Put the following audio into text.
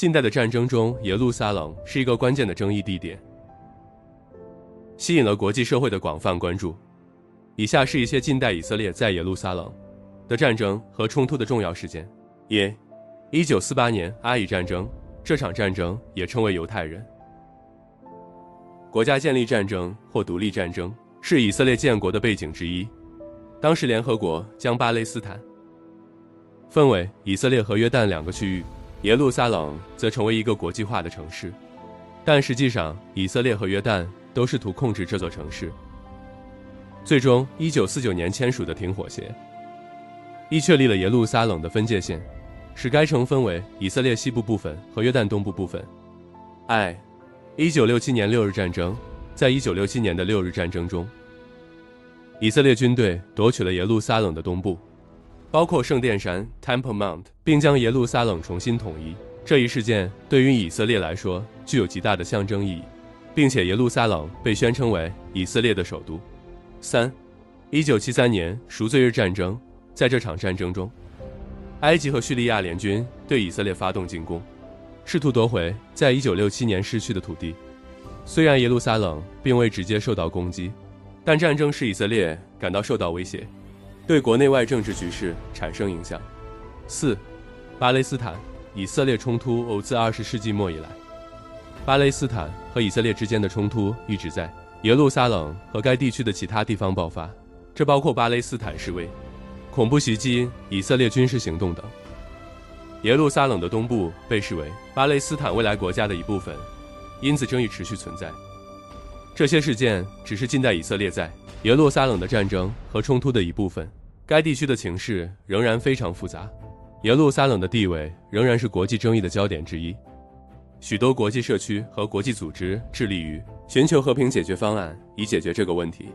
近代的戰爭中，耶路撒冷是一個關鍵的爭議地點，吸引了國際社會的廣泛關注。以下是一些近代以色列在耶路撒冷的戰爭和衝突的重要事件：一、一九四八年阿以戰爭，這場戰爭也稱為猶太人國家建立戰爭或獨立戰爭，是以色列建國的背景之一。當時聯合國將巴勒斯坦分為以色列和約旦兩個區域。耶路撒冷則成為一個國際化的城市，但實際上，以色列和約旦都試圖控制這座城市。最終，1949年簽署的停火協議確立了耶路撒冷的分界線，使該城分為以色列西部部分和約旦東部部分。二，1967年六日戰爭，在1967年的六日戰爭中，以色列軍隊奪取了耶路撒冷的東部。包括聖殿山 （Temple Mount），並將耶路撒冷重新統一。這一事件對於以色列來說具有極大的象徵意義，並且耶路撒冷被宣稱為以色列的首都。三，一九七三年贖罪日戰爭，在這場戰爭中，埃及和敘利亞聯軍對以色列發動進攻，試圖奪回在一九六七年失去的土地。雖然耶路撒冷並未直接受到攻擊，但戰爭使以色列感到受到威脅。對國內外政治局勢產生影響。四、巴勒斯坦以色列衝突，喔，自二十世紀末以來，巴勒斯坦和以色列之間的衝突一直在耶路撒冷和該地區的其他地方爆發，這包括巴勒斯坦示威、恐怖襲擊、以色列軍事行動等。耶路撒冷的東部被視為巴勒斯坦未來國家的一部分，因此爭議持續存在。這些事件只是近代以色列在耶路撒冷的戰爭和衝突的一部分。該地區的情勢仍然非常複雜，耶路撒冷的地位仍然是國際爭議的焦點之一。許多國際社區和國際組織致力於尋求和平解決方案，以解決這個問題。